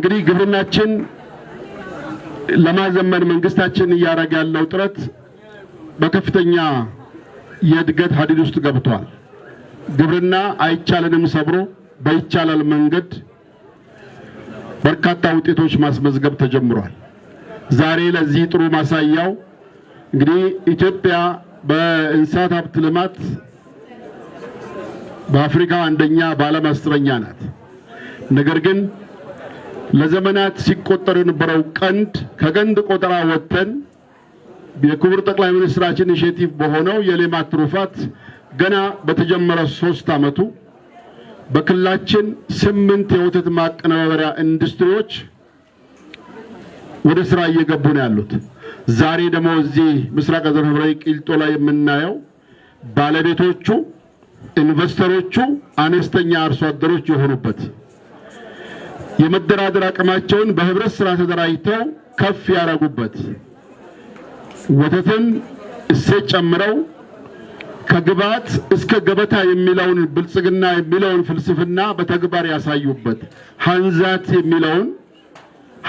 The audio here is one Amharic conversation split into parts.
እንግዲህ ግብርናችን ለማዘመን መንግስታችን እያደረገ ያለው ጥረት በከፍተኛ የእድገት ሀዲድ ውስጥ ገብቷል። ግብርና አይቻልንም ሰብሮ በይቻላል መንገድ በርካታ ውጤቶች ማስመዝገብ ተጀምሯል። ዛሬ ለዚህ ጥሩ ማሳያው እንግዲህ ኢትዮጵያ በእንስሳት ሀብት ልማት በአፍሪካ አንደኛ፣ በዓለም አስረኛ ናት። ነገር ግን ለዘመናት ሲቆጠር የነበረው ቀንድ ከቀንድ ቆጠራ ወጥተን የክቡር ጠቅላይ ሚኒስትራችን ኢኒሼቲቭ በሆነው የሌማት ትሩፋት ገና በተጀመረ ሶስት ዓመቱ በክልላችን ስምንት የወተት ማቀነባበሪያ ኢንዱስትሪዎች ወደ ስራ እየገቡ ነው ያሉት። ዛሬ ደግሞ እዚህ ምስራቅ ዘርፈብራዊ ቂልጦ ላይ የምናየው ባለቤቶቹ ኢንቨስተሮቹ አነስተኛ አርሶ አደሮች የሆኑበት የመደራደር አቅማቸውን በህብረት ስራ ተደራጅተው ከፍ ያደረጉበት ወተትን እሴት ጨምረው ከግብዓት እስከ ገበታ የሚለውን ብልጽግና የሚለውን ፍልስፍና በተግባር ያሳዩበት ሀንዛት የሚለውን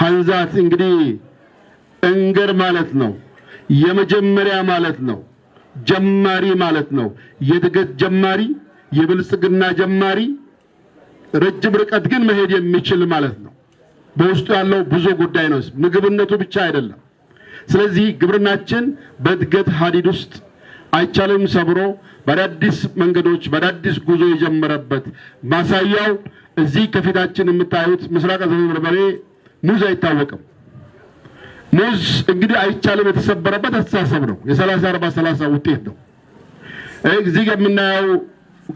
ሀንዛት እንግዲህ እንገር ማለት ነው። የመጀመሪያ ማለት ነው። ጀማሪ ማለት ነው። የእድገት ጀማሪ፣ የብልጽግና ጀማሪ ረጅም ርቀት ግን መሄድ የሚችል ማለት ነው። በውስጡ ያለው ብዙ ጉዳይ ነው፣ ምግብነቱ ብቻ አይደለም። ስለዚህ ግብርናችን በእድገት ሀዲድ ውስጥ አይቻልም ሰብሮ በአዳዲስ መንገዶች በአዳዲስ ጉዞ የጀመረበት ማሳያው እዚህ ከፊታችን የምታዩት ምስራቅ ዘ በርበሬ ሙዝ አይታወቅም። ሙዝ እንግዲህ አይቻልም የተሰበረበት አስተሳሰብ ነው። የሰላሳ አርባ ሰላሳ ውጤት ነው። እዚህ የምናየው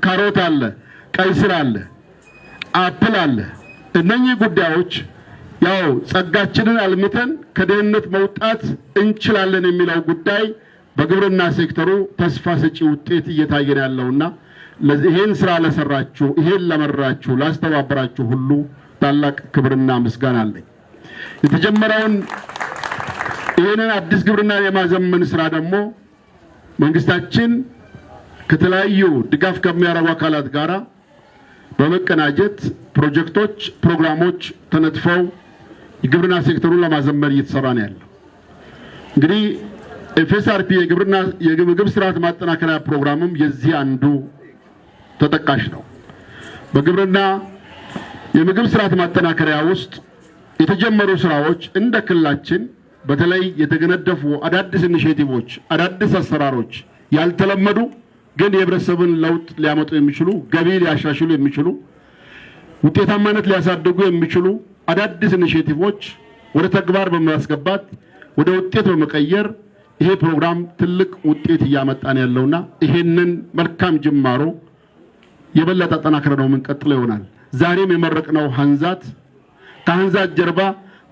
ካሮት አለ፣ ቀይ ስር አለ አፕል አለ። እነኚህ ጉዳዮች ያው ጸጋችንን አልምተን ከድህነት መውጣት እንችላለን የሚለው ጉዳይ በግብርና ሴክተሩ ተስፋ ሰጪ ውጤት እየታየን ያለውና ይህን ስራ ለሰራችሁ፣ ይሄን ለመራችሁ፣ ላስተባበራችሁ ሁሉ ታላቅ ክብርና ምስጋና አለኝ። የተጀመረውን ይህንን አዲስ ግብርና የማዘመን ስራ ደግሞ መንግስታችን ከተለያዩ ድጋፍ ከሚያደርጉ አካላት ጋራ በመቀናጀት ፕሮጀክቶች፣ ፕሮግራሞች ተነጥፈው የግብርና ሴክተሩን ለማዘመን እየተሰራ ነው ያለው። እንግዲህ ኤፍኤስአርፒ የግብርና የምግብ ስርዓት ማጠናከሪያ ፕሮግራምም የዚህ አንዱ ተጠቃሽ ነው። በግብርና የምግብ ስርዓት ማጠናከሪያ ውስጥ የተጀመሩ ስራዎች እንደ ክልላችን በተለይ የተገነደፉ አዳዲስ ኢኒሼቲቮች፣ አዳዲስ አሰራሮች ያልተለመዱ ግን የህብረተሰብን ለውጥ ሊያመጡ የሚችሉ ገቢ ሊያሻሽሉ የሚችሉ ውጤታማነት ሊያሳድጉ የሚችሉ አዳዲስ ኢኒሼቲቮች ወደ ተግባር በማስገባት ወደ ውጤት በመቀየር ይሄ ፕሮግራም ትልቅ ውጤት እያመጣን ያለውና ይሄንን መልካም ጅማሮ የበለጠ አጠናክረ ነው የምንቀጥለ ይሆናል። ዛሬም የመረቅነው ሀንዛት ከሀንዛት ጀርባ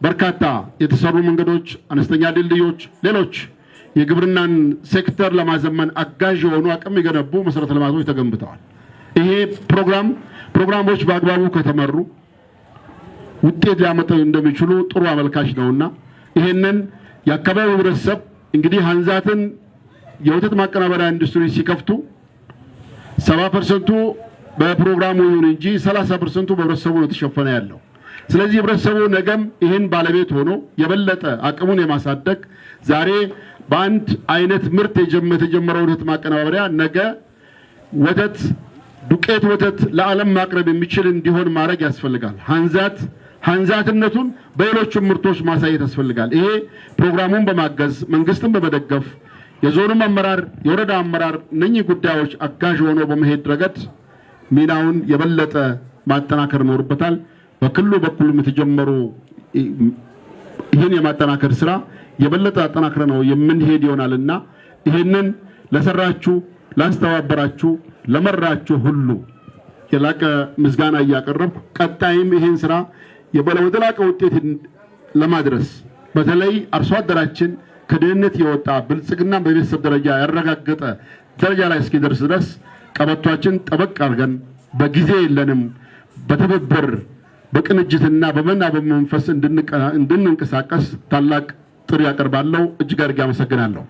በርካታ የተሰሩ መንገዶች፣ አነስተኛ ድልድዮች፣ ሌሎች የግብርናን ሴክተር ለማዘመን አጋዥ የሆኑ አቅም የገነቡ መሰረተ ልማቶች ተገንብተዋል። ይሄ ፕሮግራም ፕሮግራሞች በአግባቡ ከተመሩ ውጤት ሊያመጡ እንደሚችሉ ጥሩ አመልካች ነውና ይሄንን የአካባቢው ህብረተሰብ እንግዲህ ሀንዛትን የወተት ማቀናበሪያ ኢንዱስትሪ ሲከፍቱ ሰባ ፐርሰንቱ በፕሮግራሙ ይሁን እንጂ ሰላሳ ፐርሰንቱ በህብረተሰቡ ነው የተሸፈነ ያለው። ስለዚህ ህብረተሰቡ ነገም ይህን ባለቤት ሆኖ የበለጠ አቅሙን የማሳደግ ዛሬ በአንድ አይነት ምርት የተጀመረው ወተት ማቀነባበሪያ ነገ ወተት ዱቄት ወተት ለዓለም ማቅረብ የሚችል እንዲሆን ማድረግ ያስፈልጋል። ሀንዛት ሀንዛትነቱን በሌሎችም ምርቶች ማሳየት ያስፈልጋል። ይሄ ፕሮግራሙን በማገዝ መንግስትን በመደገፍ የዞኑም አመራር፣ የወረዳ አመራር እነኚህ ጉዳዮች አጋዥ ሆኖ በመሄድ ረገድ ሚናውን የበለጠ ማጠናከር ይኖርበታል። በክልሉ በኩልም የተጀመሩ ይህን የማጠናከር ስራ የበለጠ አጠናክረ ነው የምንሄድ ይሆናልና ይህንን ለሰራችሁ፣ ላስተባበራችሁ፣ ለመራችሁ ሁሉ የላቀ ምስጋና እያቀረብኩ ቀጣይም ይህን ስራ ወደ ላቀ ውጤት ለማድረስ በተለይ አርሶ አደራችን ከድህነት የወጣ ብልጽግና በቤተሰብ ደረጃ ያረጋገጠ ደረጃ ላይ እስኪደርስ ድረስ ቀበቷችን ጠበቅ አድርገን በጊዜ የለንም፣ በትብብር በቅንጅትና በመና በመንፈስ እንድንንቀሳቀስ ታላቅ ጥሪ ያቀርባለሁ። እጅግ አድርጌ አመሰግናለሁ።